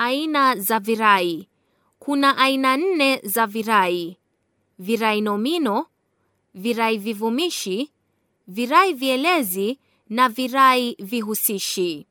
Aina za virai. Kuna aina nne za virai: virai nomino, virai vivumishi, virai vielezi na virai vihusishi.